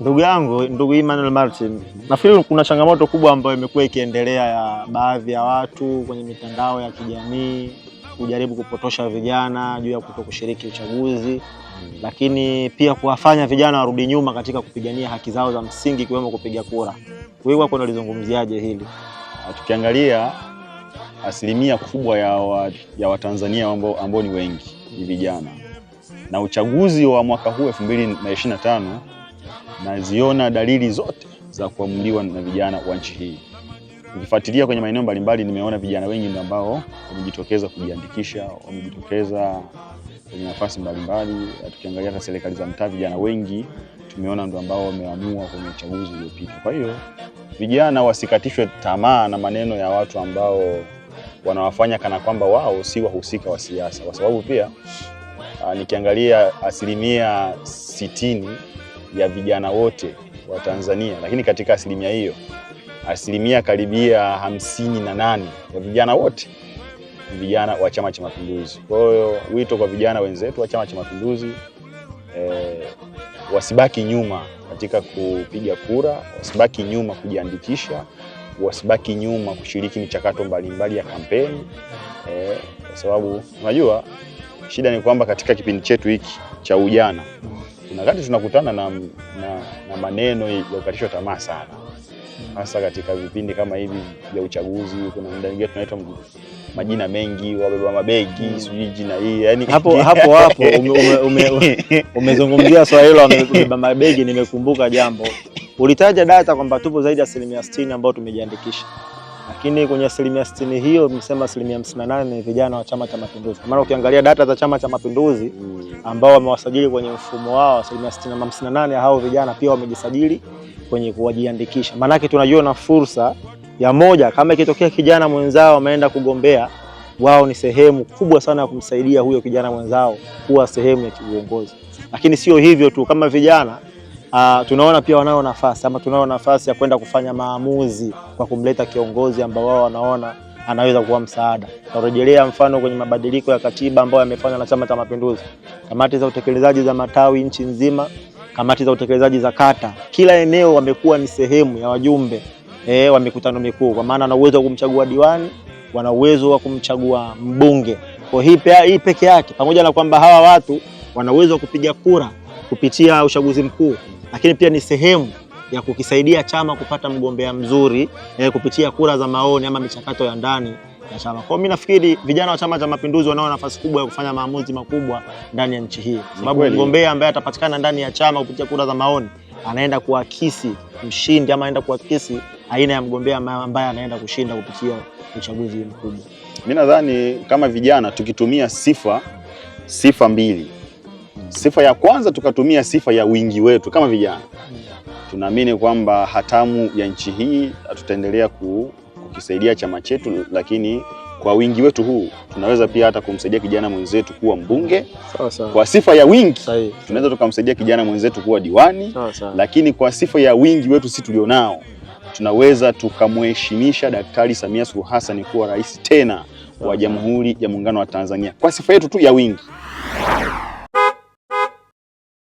Ndugu yangu, ndugu Emmanuel Martin, nafikiri kuna changamoto kubwa ambayo imekuwa ikiendelea ya baadhi ya watu kwenye mitandao ya kijamii kujaribu kupotosha vijana juu ya kuto kushiriki uchaguzi, lakini pia kuwafanya vijana warudi nyuma katika kupigania haki zao za msingi ikiwemo kupiga kura. Wewe wako unalizungumziaje hili? Ah, tukiangalia asilimia kubwa ya, wa, ya Watanzania ambao ni wengi ni vijana, na uchaguzi wa mwaka huu 2025 naziona dalili zote za kuamuliwa na vijana wa nchi hii. Nikifuatilia kwenye maeneo mbalimbali, nimeona vijana wengi ndio ambao wamejitokeza kujiandikisha, wamejitokeza kwenye nafasi mbalimbali. Tukiangalia hata serikali za mtaa, vijana wengi tumeona ndio ambao wameamua kwenye uchaguzi uliopita. Kwa hiyo vijana wasikatishwe tamaa na maneno ya watu ambao wanawafanya kana kwamba wao si wahusika wa siasa, kwa sababu pia nikiangalia asilimia sitini ya vijana wote wa Tanzania, lakini katika asilimia hiyo asilimia karibia hamsini na nane ya vijana wote vijana wa Chama cha Mapinduzi. Kwa hiyo wito kwa vijana wenzetu wa Chama cha Mapinduzi e, wasibaki nyuma katika kupiga kura, wasibaki nyuma kujiandikisha, wasibaki nyuma kushiriki michakato mbalimbali ya kampeni e, kwa sababu unajua shida ni kwamba katika kipindi chetu hiki cha ujana kuna wakati tunakutana na, na, na maneno ya ukatisho tamaa sana, hasa katika vipindi kama hivi vya uchaguzi. Kuna muda mwingine tunaitwa majina mengi, wabeba mabegi, sijui jina hii, yani hapo hapo hapo umezungumzia swala hilo wamebeba mabegi, nimekumbuka jambo ulitaja data kwamba tupo zaidi ya asilimia sitini ambao tumejiandikisha lakini kwenye asilimia sitini hiyo msema asilimia hamsini na nane ni vijana wa Chama cha Mapinduzi. Maana ukiangalia data za Chama cha Mapinduzi mm. ambao wamewasajili kwenye mfumo wao, asilimia hamsini na nane hao vijana pia wamejisajili kwenye kuwajiandikisha Maanake na fursa ya moja, kama ikitokea kijana mwenzao ameenda kugombea, wao ni sehemu kubwa sana ya kumsaidia huyo kijana mwenzao kuwa sehemu ya kiuongozi. Lakini sio hivyo tu, kama vijana uh, tunaona pia wanao nafasi ama tunao nafasi ya kwenda kufanya maamuzi kwa kumleta kiongozi ambao wao wanaona anaweza kuwa msaada. Narejelea mfano kwenye mabadiliko ya katiba ambayo yamefanywa na Chama cha Mapinduzi, kamati za utekelezaji za matawi nchi nzima, kamati za utekelezaji za kata, kila eneo wamekuwa ni sehemu ya wajumbe e, wa mikutano mikuu, kwa maana wana uwezo wa kumchagua diwani, wana uwezo wa kumchagua mbunge. Kwa hii hii peke yake, pamoja na kwamba hawa watu wana uwezo wa kupiga kura kupitia uchaguzi mkuu, lakini pia ni sehemu ya kukisaidia chama kupata mgombea mzuri eh, kupitia kura za maoni ama michakato ya ndani ya chama. Kwa hiyo mimi nafikiri vijana wa Chama cha Mapinduzi wanao nafasi kubwa ya kufanya maamuzi makubwa ndani ya nchi hii, sababu mgombea ambaye atapatikana ndani ya chama kupitia kura za maoni anaenda kuakisi mshindi ama anaenda kuakisi aina ya mgombea ambaye anaenda kushinda kupitia uchaguzi mkubwa. Mimi nadhani kama vijana tukitumia sifa sifa mbili Sifa ya kwanza tukatumia sifa ya wingi wetu kama vijana. Tunaamini kwamba hatamu ya nchi hii tutaendelea kukisaidia chama chetu, lakini kwa wingi wetu huu tunaweza pia hata kumsaidia kijana mwenzetu kuwa mbunge. Sawa sawa. Kwa sifa ya wingi tunaweza tukamsaidia kijana mwenzetu kuwa diwani. Sawa sawa. Lakini kwa sifa ya wingi wetu si tulionao tunaweza tukamheshimisha Daktari Samia Suluhu Hassan kuwa rais tena wa Jamhuri ya Muungano wa Tanzania kwa sifa yetu tu ya wingi.